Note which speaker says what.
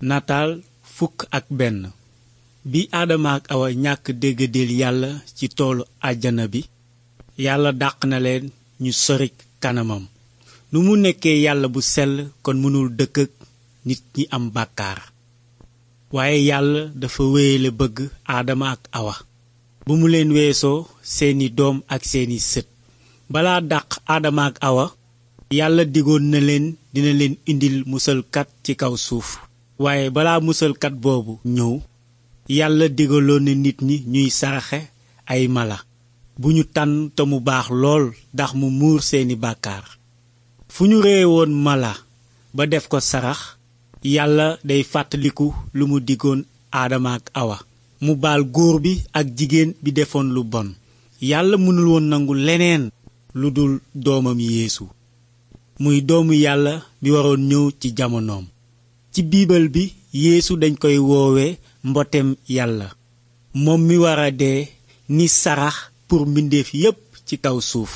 Speaker 1: nataal fukk ak benn bi aadama ak awa ñàkk déggadeel yàlla ci toolu àjana bi yàlla dàq na leen ñu sori kanamam nu mu nekkee yàlla bu sell kon mënul dëkk ak nit ñi am bàkkaar waaye yàlla dafa wéyale bëgg aadama ak awa bu mu leen weesoo seeni doom ak seeni sët balaa dàq aadama ak awa yàlla digoon na leen dina leen indil musalkat ci kaw suuf waaye balaa musalkat boobu ñëw yàlla digaloon ne nit ñi ñuy saraxe ay mala bu ñu tànn te mu baax lool ndax mu muur seeni bàkkaar fu ñu reye woon mala ba def ko sarax yàlla day fàttaliku lu mu digoon aadama ak awa mu baal góor bi ak jigéen bi defoon lu bon yàlla mënul woon nangu leneen lu dul doomam yéesu muy doomu yàlla bi waroon ñëw ci jamonoom ci biibal bi yéesu dañ koy woowe mbotem yàlla moom mi war a dee ni sarax pour mbindeef yépp ci kaw suuf